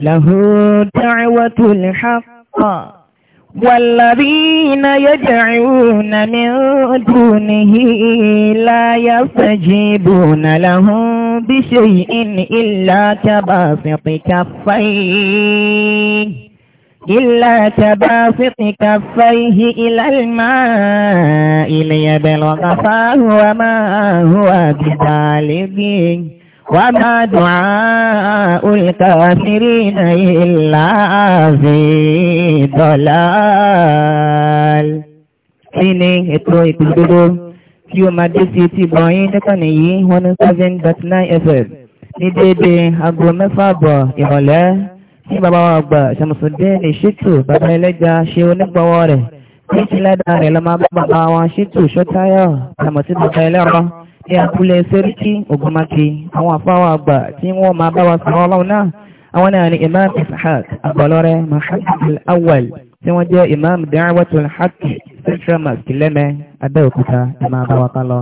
له دعوة الحق والذين يدعون من دونه لا يستجيبون لهم بشيء إلا كباسط كفيه إلا كباسط كفيه إلى الماء ليبلغ فهو ما هو بطالبه وما دعاء الكافرين إلا في ضلال kí ni ètò ìpìlódó tí ó máa dé sí ti bọ̀yìn nìkanì yìí 107.9 FM ní dédé aago mẹ́fà bọ̀ ìrọ̀lẹ́ tí bàbá wa gbà ṣàmùsùndé ní ṣètò bàbá ẹlẹ́jà ṣe onígbọ̀wọ́ rẹ̀ ní ìṣẹ́lẹ́dà rẹ̀ lọ máa bá bàbá wọn ṣètò ṣọ́táyọ̀ ṣàmùsí bàbá ẹlẹ́rọ ní àkúlẹ̀ sẹ́ríkí ogunmáke àwọn àfáwà àgbà tí wọ́n ma bá wa sọ̀rọ̀ ọlọ́run náà àwọn náà ni imam ishaq abalore àgbàlọ́rẹ́ al awal tí wọ́n jẹ́ imam da'watul haqq central mosque lẹ́mẹ́ abẹ́òkúta ẹ ma bá wa ká lọ.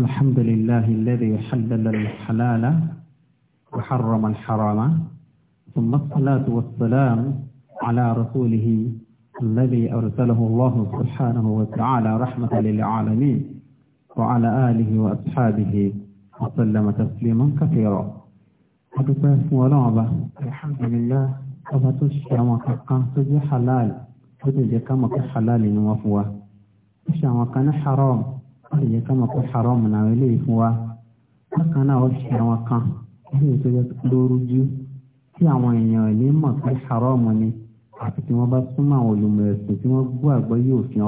alhamdulillahi alladhi halala al-halala wa harrama al-harama thumma as-salatu was-salam ala rasulihi alladhi arsalahu Allahu subhanahu wa ta'ala rahmatan وعلى آله وأصحابه وسلم تسليما كثيرا أدوكي اسمه لعبة الحمد لله أبتش وكاكا سجي حلال سجي كما كحلال وفوا إشا وكان حرام سجي كما كحرام ناولي فوا وكان وشي وكان إيه سجي لورجو tí àwọn èèyàn ní mọ̀ pé haram ni àti tí wọ́n bá súnmọ́ àwọn olùmọ̀ ẹ̀sìn tí wọ́n gbọ́ àgbọ́yé òfin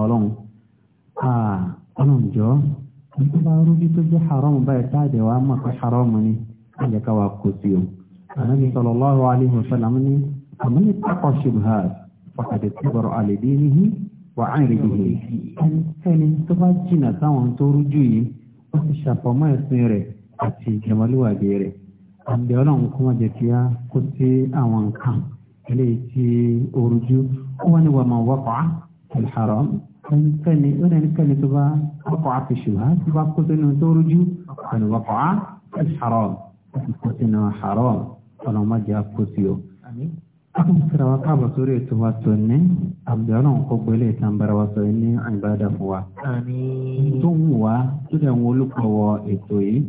tó bá rújú tó jẹ́ haramu báyìí táàdì wa mọ̀ pé haramu ni wọ́n jẹ́ ká wa kó sí o ànábi sallallahu alaihi wa sallam ní àmọ́lé pápá ṣubha fàkàdé tó bọ̀rọ̀ àlèdé níhi wà á rèé yìí ẹnikẹ́ni tó bá jìnnà sáwọn tó wọ́pàá الحرام ẹnikẹ́ni ó ní ẹnikẹ́ni tó bá wọ́pọ̀ àfihàn tó bá kó sínú tó rújú ẹni wọ́pọ̀ á haram kó sínú haram ọ̀nà má jẹ́ kó sí o. akọ̀sọ̀rọ̀ wa káàbọ̀ sórí ètò wa tó ní abdulrahman kó gbélé ìtàǹbara wa sọ ní àyíbáda fún wa. tó ń wá tó dẹ̀ ń olùkọ́wọ́ ètò yìí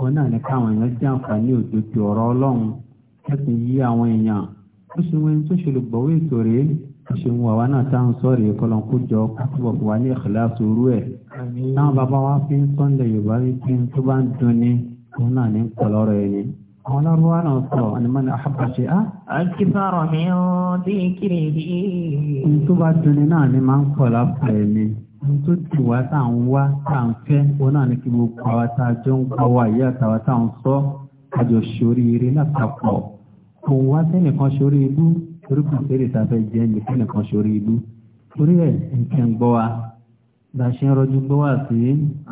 wọn náà ní káwọn èèyàn jẹ́ àǹfààní òjòjò ọ̀rọ̀ ọlọ́run kẹ́sìn yí àwọn èèyàn ó ṣe wọn tó ṣe olùgbọ̀wé ètò rèé ó ṣe wọn àwa náà tá à ń sọ rèé kọlọ̀ kó jọ púpọ̀ wà ní ìkìlá sòrú ẹ̀. táwọn bàbá wa fi ń sọ́ńdẹ̀ yorùbá wípé tó bá ń dunni òun náà ní kọlọ́rọ̀ ẹ̀ ni. àwọn lọ́rùwá náà sọ ànìmọ́ni àbàṣe á. akífarọ̀ mi ò dé kiri yìí. ohun tó bá dunni náà ni máa ń kọlá fún ẹ̀ ohun tó ti wá tá à ń wá tá à ń fẹ́ òun náà ní kí gbogbo àwa tá a jọ ń wa yìí kò wá sẹ́nìkan sórí ibú orúkọ ìbéèrè tá a fẹ́ jẹ́ ní sẹ́nìkan sórí ibú torí ẹ̀ nǹkan ń gbọ́ wa bá a ṣe ń rọjú gbọ́ wá sí.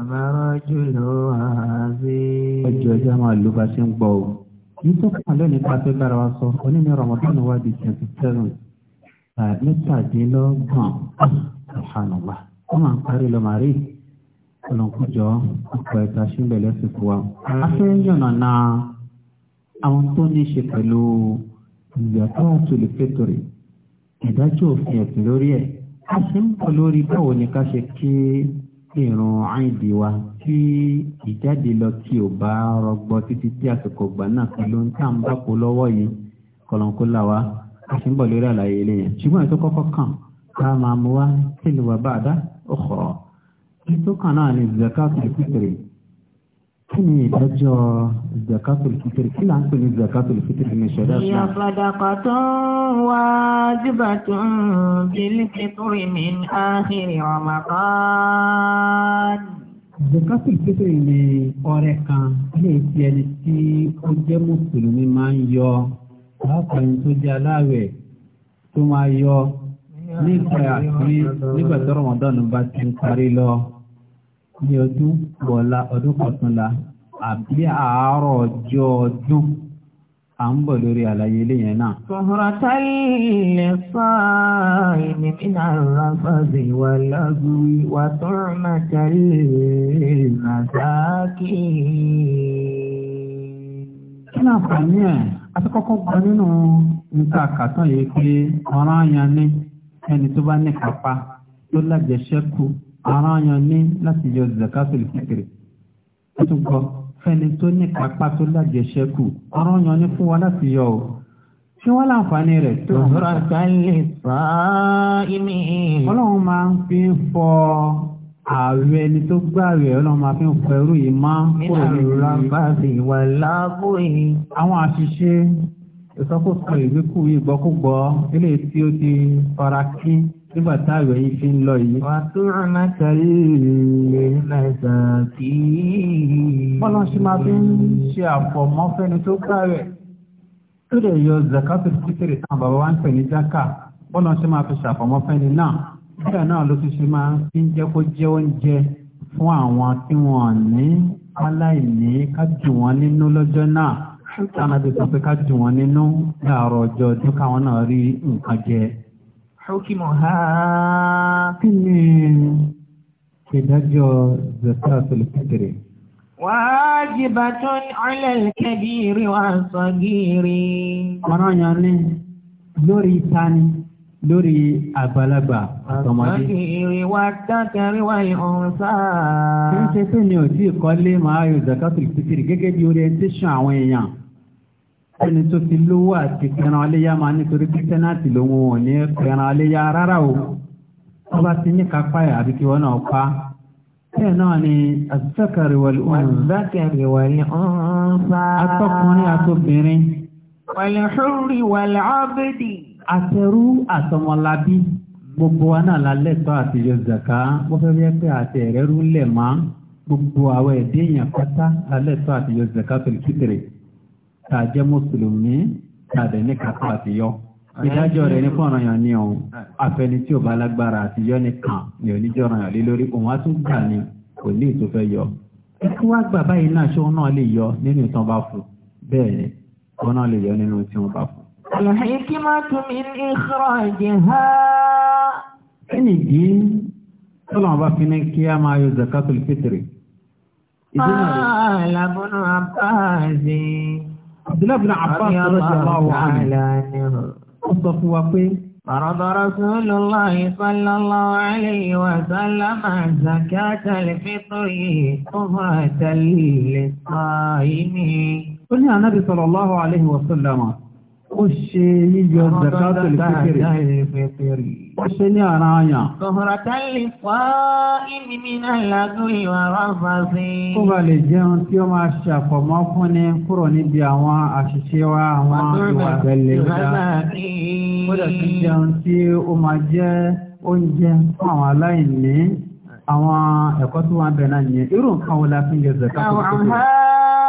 àmàrọ́jú ló wà á sí. ọjọ́ ẹja máa lò bá a ṣe ń gbọ́ o. yìí tó kàn lónìí tá a fẹ́ bára wa sọ oní ní Ramadan wa di twenty seven mẹ́tàdínlọ́gbọ̀n subhanallah wọ́n máa ń parí lọ màrí ọlọ́nkújọ́ ọ̀pọ̀ ẹ̀ka ṣíńbẹ̀lẹ́sì fún wa. a fẹ́ yànnà náà àwọn tó ní ṣe pẹ̀lú ìgbàkáàtò lè fẹ́tọ̀rì ìdájọ́ òfin ẹ̀sìn lórí ẹ̀ a ṣe ń pọ̀ lórí báwo ni ká ṣe kí ìrun àìdí wa tí ìjáde lọ tí ò bá rọgbọ títí tí àsìkò gbà náà kan ló ń tà ń bá kó lọ́wọ́ yìí kọlọ̀ńkó là wá a ṣe ń bọ̀ lórí àlàyé eléyẹn ṣùgbọ́n ètò kọ́kọ́ kàn ká máa mú wá sílùú wa bá a ó kọ̀ ètò kan náà ni zakatul fitri kí ni ìdájọ́ zakatul fitr kí là ń pè ní zakatul fitr ní ṣẹ̀dá islam. ìyá sadaqatun wajibatun bil fitri min akhiri ramadan. zakatul fitr ní ọrẹ kan ní ìfi ẹni tí ó jẹ́ mùsùlùmí máa ń yọ pàápàá ẹni tó jẹ́ aláàwẹ̀ tó máa yọ nígbà tí ramadan bá ti ń parí lọ ní ọdún bọ̀ọ̀la ọdún kọ̀túnla àbí àárọ̀ ọjọ́ ọdún à ń bọ̀ lórí àlàyé eléyẹn náà. Sọ̀rọ̀ tálẹ̀ fáà ìní mínà ráfàzì wà lágùn wà tọ́rọ̀ máa tálẹ̀ nàzákì. Kí ni àǹfààní ẹ̀? A ti kọ́kọ́ gbọ́ nínú nǹkan àkàtàn yìí pé ọ̀ràn ayan ní ẹni tó bá ní kápá tó lájẹṣẹ́kù ọ̀ràn ayan ní láti yọ zakatul fitri. Ó tún gbọ́ fẹ́ni tó ní kápá tó lájẹṣẹ́kù ọ̀rọ̀ yan ní fún wa láti yọ o kí wọ́n láǹfààní rẹ̀ tó. ọ̀rọ̀ àgbáyé fà ọlọ́run máa ń fi ń fọ ààrẹ ẹni tó gbààrẹ ọlọ́run máa fi ń fọ ẹrú yìí má kúrò nínú àrùn bá ìwà àwọn àṣìṣe ìsọkúsọ ìwékùwé ìgbọ́kúgbọ́ eléyìí tí ó ti fara nígbà táàwẹ̀ yìí fi ń lọ yìí. wà á tó rànà kàrí ilé mẹ́ta kí. bọ́lá ṣe máa fi ń ṣe àfọ̀mọ́ fẹ́ni tó káwẹ̀. tó lè yọ zakato fitiri táwọn bàbá wa ń pè ní jaka bọ́lá ṣe máa fi ṣàfọ̀mọ́ fẹ́ni náà. nígbà náà ló ti ṣe máa fi ń jẹ́ kó jẹ́ oúnjẹ fún àwọn tí wọ́n ní aláìní ká jù wọ́n nínú lọ́jọ́ náà. táwọn sọ pé ká jù wọ́n nínú láàárọ̀ ọjọ́ ọdún káwọn náà rí nǹkan jẹ hukimu ha kí ni ìdájọ́ zakatul fitri wàájìbàtún alẹ́kẹ̀bìrì wà sọ̀gìrì ọ̀nà yàn ní lórí tani lórí àgbàlagbà àtọmọdé. Àgbàkiri wa dákẹ́rí wa ìhùnsá. Kí ń ṣe pé mi ò tí ì kọ́lé màá yọ zakatul fitri gẹ́gẹ́ bí orientation àwọn èèyàn ẹni tó ti lówó àti pẹran aléyá máa nítorí pé tẹ́nàtì lòun ò ní pẹran aléyá rárá o wọ́n bá ti ní kápá ẹ̀ àbí kí wọ́n náà pa bẹ́ẹ̀ náà ni àtúntàkàrí wọlé ọ̀hún. àtúntàkàrí wọlé ọ̀hún fa. atọ́kùnrin àtobìnrin. wọlé húrì wọlé ọ́bẹ̀dì. àtẹrú àtọmọlábí gbogbo wa náà la lẹ́tọ̀ọ́ àti yọ zaka wọ́n fẹ́ fẹ́ pé àti lẹ̀ máa gbogbo àwọn ẹ̀dẹ́yìn àpáta la lẹ́tọ̀ọ́ àti yọ zaka pẹ̀lú kíkẹrẹ tá a jẹ́ mùsùlùmí tá a dẹ̀ ní kápá àtiyọ́ ìdájọ́ rẹ̀ ní fọ́nà yàn ní ọ̀hún afẹ́ni tí ò bá lágbára àtiyọ́ nìkan ni oníjọ́ra yàn lé lórí òun á tún gbà ní kò ní ìtòfẹ́ yọ ẹkú wá gbà báyìí náà ṣé òun náà lè yọ nínú ìtàn bá fún bẹ́ẹ̀ ni òun náà lè yọ nínú tí wọ́n bá fún. al-hikmatu min bá fi ní kí á máa yọ zakatul fitri. ìdí náà lè. Abdullahi bin Abbas radiyallahu anhu. Ó sọ fún wa pé فرض رسول الله صلى الله عليه وسلم زكاة الفطر طهرة للصائم قلنا نبي صلى الله عليه وسلم ó ṣe yíyọ zakatul fitri ó ṣe ní ara àyàn. Kọ̀hùrọ̀tẹ́ lè fọ́ ìmìnira lágún ìwà rọ́fà sí. Kó ba lè jẹun tí ó máa ṣe àfọ̀mọ́ fún ni kúrò níbi àwọn àṣìṣe wa àwọn ìwà bẹ̀lẹ̀ dá. Kó dẹ̀ tún jẹun tí ó máa jẹ́ oúnjẹ fún àwọn wà bẹ̀ náà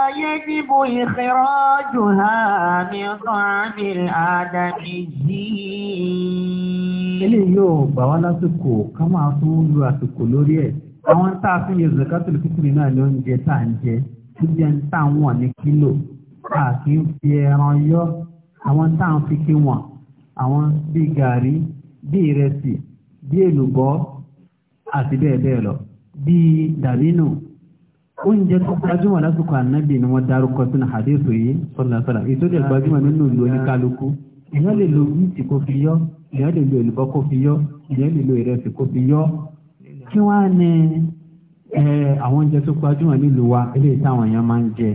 يجب إخراجها من طعم الآدمي ilé yóò gbà wá lásìkò ká máa tún lu àsìkò lórí ẹ̀ àwọn tá a fún yẹn zakatul fitri náà ló ń jẹ tá à ń jẹ tó jẹ ń tà wọ́n ní kílò tá a kì fi ẹran yọ àwọn tá ń fi kí wọn àwọn bíi gàrí bíi ìrẹsì bíi èlùbọ́ àti bẹ́ẹ̀ bẹ́ẹ̀ lọ bíi dàbínù oúnjẹ tó gbajúmọ̀ lásìkò ànábì ni wọ́n dárúkọ sínú àdéhùn yìí sọ́nàsọ́nà èyí tó nínú ìlú oníkálukú èèyàn lè lo wíìtì kó fi yọ́ èèyàn lè lo èlùbọ́ kó fi yọ́ èèyàn lè lo ìrẹsì kó fi yọ́ kí wọ́n á ní àwọn oúnjẹ tó gbajúmọ̀ nílùú wa eléyìí táwọn èèyàn máa ń jẹ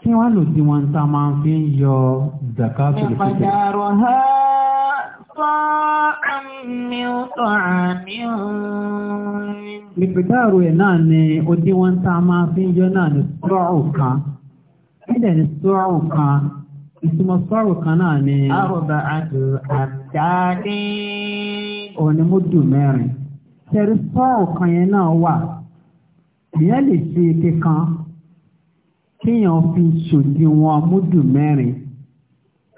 kí wọ́n á lò tí wọ́n ń máa fi ń yọ zakatul fitr. ìpàdé àrò sọ́ọ́ min ta'amin. Ìpìtàrò ẹ̀ náà ni òdiwọ̀n tá a máa fi ń yọ náà ni sọ́ọ̀rù kan. Ẹ̀dẹ̀ ni sọ́ọ̀rù kan. Ìtumọ̀ sọ́ọ̀rù kan náà ni. Àrùbà àti àdáde. Òní mú dùn mẹ́rin. Tẹ̀rí sọ́ọ̀rù kan yẹn náà wà. Ìyẹn lè ṣe ike kan. Kíyàn fi ṣòdiwọ̀n múdù mẹ́rin.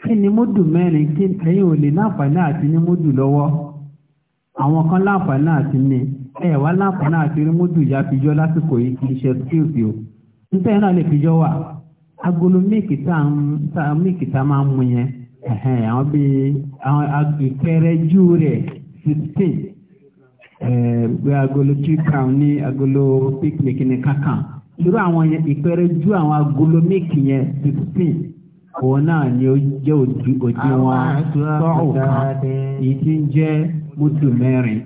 kí ni múdù mẹ́rin kí ẹ̀yin ò lè láǹfààní àti ní múdù lọ́wọ́ àwọn kan láǹfààní àti ní ẹ̀ wá láǹfààní àti ní múdù ìyá fìjọ́ lásìkò yìí kì í ṣe o níta yẹn náà lè wa, wà agolo míìkì tá a máa ń mu yẹn àwọn bíi àwọn jù rẹ̀ agolo ní agolo picnic ní kankan irú àwọn agolo míìkì yẹn òun náà ni ó jẹ́ òdiwọ̀n sọ́ọ̀ kan èyí ń jẹ́ mútu mẹ́rin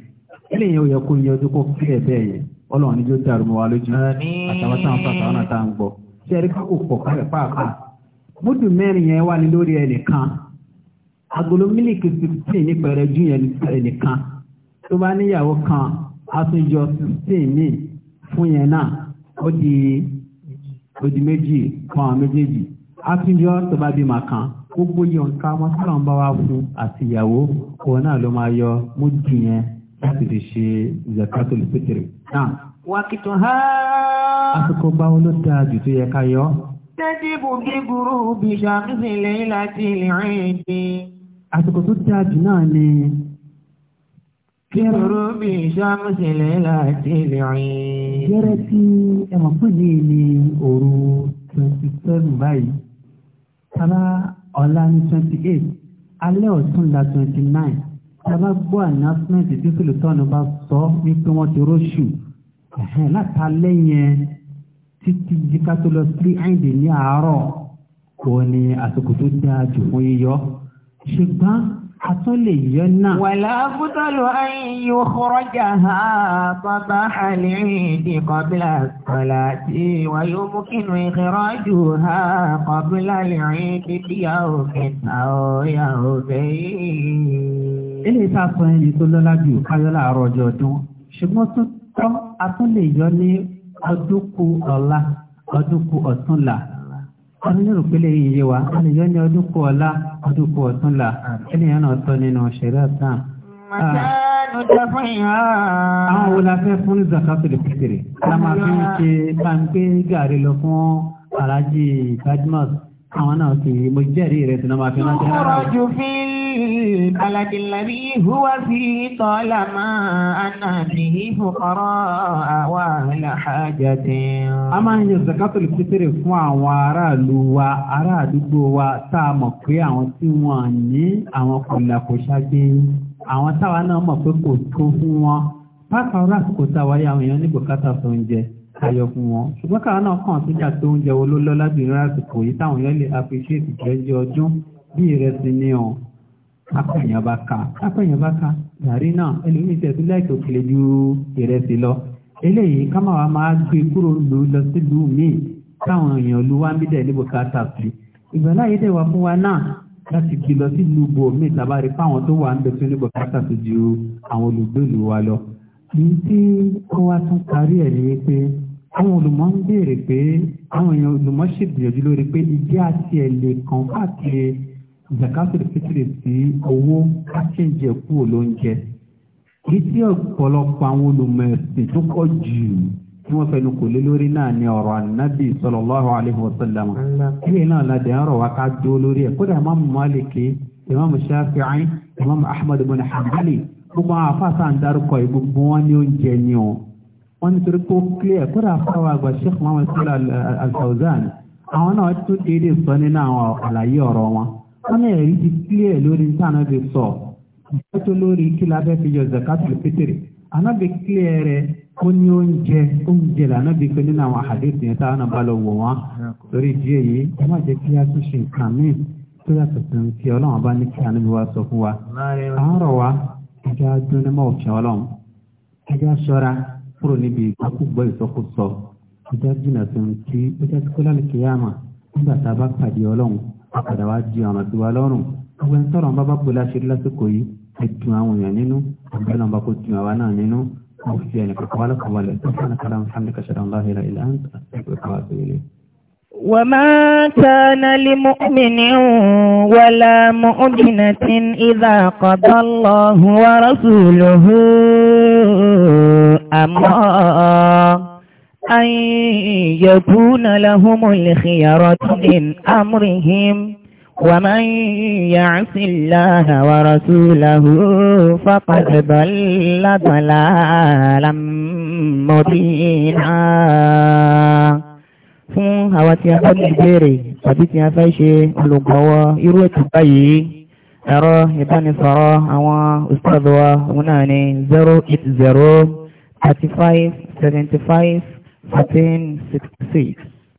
ó yẹ kó yẹ ọdún kó kílẹ̀ bẹ́ẹ̀ yẹn ọlọ́run ni yóò dàrú mọ́ wa lójú àtàwọn táwọn fàtàwọn náà tá à ń gbọ́ ṣé ẹ̀rí kákò pọ̀ kálẹ̀ pàápàá mútu mẹ́rin yẹn wà ní lórí ẹnìkan agolo mílíkì sixteen jù yẹn ẹnìkan tó bá níyàwó kan sixteen fún yẹn náà ó di ó méjì kan méjèèjì àtúnjọ tó bá bí màá kan gbogbo yìí nǹka mọ́sálà ń bá wa fún àti ìyàwó òun náà ló máa yọ mójú yẹn láti fi ṣe zakatul fitri. wàkìtù ha. àsìkò báwo ló dáa jù tó yẹ ká yọ. tẹ́tíbù bí burú bí ṣàmùsì lẹ́yìn láti ìrìn dé. àsìkò tó dáa jù náà ni. Kẹ́rù bí ṣàmùsì lẹ́yìn láti ìrìn. Gẹ́rẹ́ tí ẹ̀mọ̀ pè ní ní òru twenty seven báyìí tàbá ọ̀la ní twenty eight alẹ́ ọ̀tún la twenty nine tàbá gbọ́ announcement tí sùlùtọ́ọ̀nù bá sọ wípé wọ́n ti róṣù látàlẹ́ yẹn títí jíká tó lọ sí àìdè ní àárọ̀ kò ní àsìkò tó dáa jù fún yíyọ ṣùgbọ́n àtún lè yọ náà. wàlá bútọ́lù ayé òkúrọ́jà ha bàbá àlèrèdè kọbílà kọlá tí wà yóò mú kínú ìkìrọ́jù ha kọbílà lèrèdè tí a ò kẹta ọ̀yà ọ̀bẹ̀ yìí. ilé ìtàkùn ẹni tó lọ́lá jù káyọ́lá àárọ̀ ọjọ́ ọdún ṣùgbọ́n tó tọ́ àtún lè yọ ní ọdún kù ọ̀la ọdún kù ọ̀túnla wọ́n ní òpele yìí wa àníjọ́ ní ọdún kú ọlá ọdún kú ọ̀tún là ènìyàn náà tọ́ nínú ṣẹ̀rẹ́ àtàn. àwọn wo la fẹ́ fún zakatul fitiri la máa fi ń ṣe bá ń gbé gàrí lọ fún aláàjì tajmas àwọn náà sì mo jẹ́rìí rẹ̀ sínú máa fi ń nà ní fòkọ́rọ́ a máa ń yan zakatul fitiri fún àwọn aráàlú wa ará àdúgbò wa tá a mọ̀ pé àwọn tí wọ́n ní àwọn kọ̀là kò ṣáájú àwọn táwa náà mọ̀ pé kò tó fún wọn pápá lásìkò táwa yá àwọn èèyàn ní bùkátà tó ń jẹ ayọ̀ fún wọn ṣùgbọ́n káwọn náà kàn tó jà tó ń jẹ olólọ́ lábìrin lásìkò yìí táwọn èèyàn lè appreciate ìjẹ́jẹ́ ọdún bí ìrẹsì ni ọ̀ kápẹ̀yìn ka kápẹ̀yìn ka yàrí náà ẹlòmíì tẹ̀sí òkèlè ju ìrẹsì lọ eléyìí ká máa máa gbé kúrò lò lọ sílùú míì káwọn èèyàn ló wá ń bídẹ̀ níbo ká tàbí ìgbàláyé dẹ̀ wá fún wa náà láti gbé lọ sílùú bò míì tàbárí fáwọn tó wà ń bẹ tó níbo ká tàbí ju àwọn olùgbèlú wa lọ. ní tí ó wá tún kárí ẹ̀ ni pé àwọn olùmọ̀ ń béèrè pé àwọn èèyàn olùmọ̀ ṣègbìyànjú lórí pé ìjẹ́ àti ẹ̀lẹ́ kan káàkiri ìjàkásòrò fitiri sí owó ká kì í sí ọ̀pọ̀lọpọ̀ àwọn olùmọ̀ ẹ̀sìn tó kọ́ jù tí wọ́n fẹnu kò lé lórí náà ni ọ̀rọ̀ ànábì sallallahu alaihi wasallam kílè náà la dẹ̀ ń rọ̀ wá ká dúró lórí ẹ̀ kódà imáàmù Málìkì imáàmù Ṣáfi'í imáàmù Ahmad ibn Hanbali gbogbo àwọn afáàsà ń dárúkọ yìí gbogbo wọn ní oúnjẹ ni o wọn nítorí pé ó kílè kódà afáwà àgbà Sheikh Muhammad sọlá al àwọn náà tún déédéé sọ nínú àwọn àlàyé ọ̀rọ̀ wọn wọn náà rí ó tó lórí kí la fẹ́ fi yọ zakatul fitiri anábì kílẹ̀ rẹ̀ ó ní oúnjẹ oúnjẹ là anábì pé nínú àwọn àdéhùn yẹn táwọn bá lọ wọ̀ wọ́n lórí ìdí èyí ẹ má jẹ́ kí a tún ṣe nǹkan míì tó yàtọ̀ sí ti ọlọ́run bá ní kí anábì wa sọ fún wa àárọ̀ wa ẹja dúnni mọ́ òfin ọlọ́run ẹja ṣọ́ra kúrò níbi ìgbàkúgbọ́ ìsọkúsọ ẹja jìnnà tó ń ti ẹja tó kọ́lá kíyàmà nígbà ẹ̀dùn àwọn èèyàn nínú ọ̀gbẹ́lẹ̀ ọba kò dùn àwa náà nínú wọ́n fi ẹnì kankan wá lọ́kàn balẹ̀ tó fún ẹnìkan láwọn sáàmì kàṣẹ́ dáhùn láhìí ilẹ̀ ilẹ̀ àǹtà ẹgbẹ́ kan wá sí ilé. وما كان لمؤمن ولا مؤمنة إذا قضى الله ورسوله أمرا أن يكون لهم الخيرة من أمرهم ومن يعص الله ورسوله فقد ضل ضلالا مبينا fún àwọn tí a bá ní ìbéèrè tàbí tí a fẹ́ ṣe olùgbọ́wọ́ irú ètò báyìí ẹ̀rọ ìbánisọ̀rọ̀ àwọn ustaz òun náà ni 080 35 75 14 66